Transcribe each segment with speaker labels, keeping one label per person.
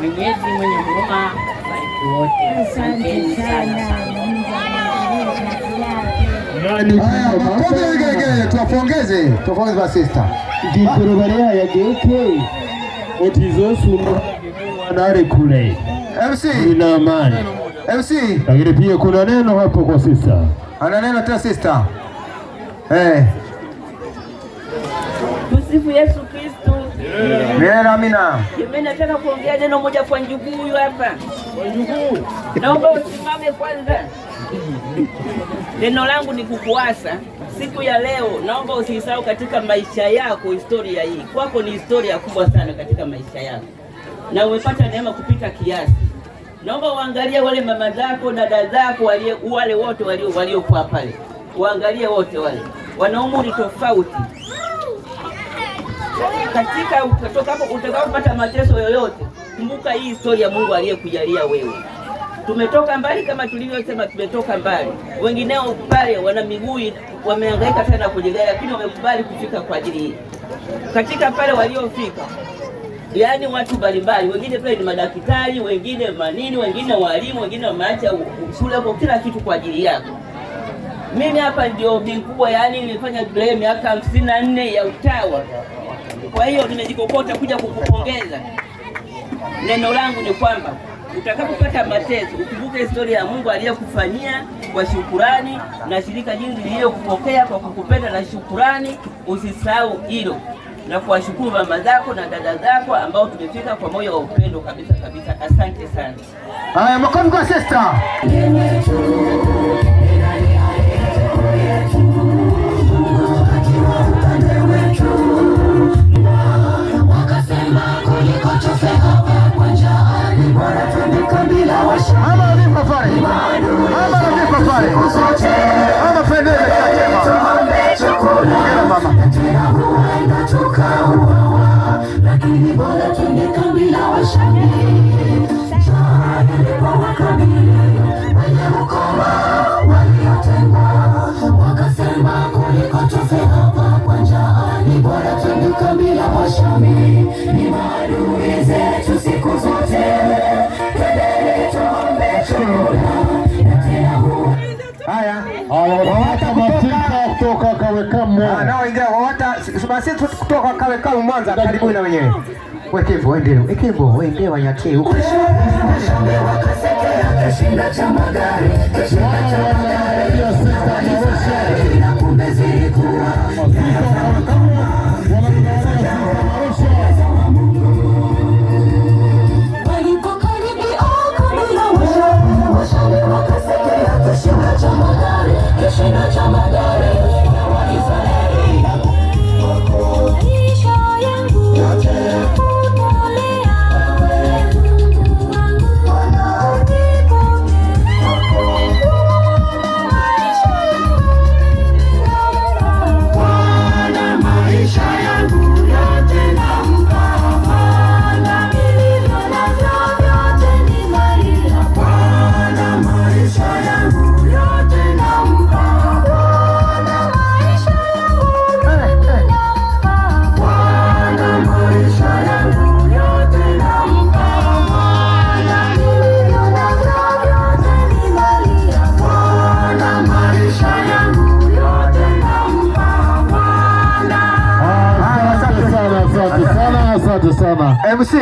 Speaker 1: Mwenyezi mwenye huruma bariki wote. Asante sana.
Speaker 2: Yaani, tuwapongeze, tuwapongeze
Speaker 3: wanare kule MC ina amani MC, lakini pia kuna neno hapo kwa
Speaker 2: ana neno tena Eh,
Speaker 4: Yesu Kristo. Amina. Mimi nataka kuongea neno moja kwa njugu huyu hapa. Naomba usimame kwanza. Neno langu ni kukuasa siku ya leo, naomba usisahau katika maisha yako historia hii. Kwako ni historia kubwa sana katika maisha yako, na umepata neema kupita kiasi. Naomba uangalie wale mama zako, dada zako, wale wote waliokuwa pale, uangalie wote wale, wana umri tofauti katika kupata mateso yoyote, kumbuka hii historia Mungu aliyekujalia wewe. Tumetoka mbali kama tulivyosema, tumetoka mbali. Wengineo pale wana miguu wamehangaika sana kujigari, lakini wamekubali kufika kwa ajili hii. Katika pale waliofika, yaani watu mbalimbali, wengine pale ni madaktari, wengine manini, wengine walimu, wengine wameacha shule kwa kila kitu kwa ajili yako. Mimi hapa ndio bingwa, yaani nimefanya miaka hamsini na nne ya utawa kwa hiyo nimejikokota kuja kukupongeza. Neno langu ni kwamba utakapopata mateso ukumbuke historia ya Mungu aliyokufanyia kwa shukurani, na shirika jinsi lililokupokea kwa kukupenda na shukurani. Usisahau hilo na kuwashukuru mama zako na dada zako ambao tumefika kwa moyo wa upendo kabisa kabisa. Asante sana.
Speaker 2: Haya, makofi kwa sister. Ama alipa pale, ama alipa pale, ama pendele kakema
Speaker 3: kutoka Kawekamo
Speaker 2: ah, Mwanza, karibuni na wenyewe Wekevo wende Asante sana MC,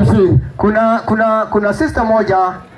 Speaker 2: MC. Kuna, kuna, kuna sister moja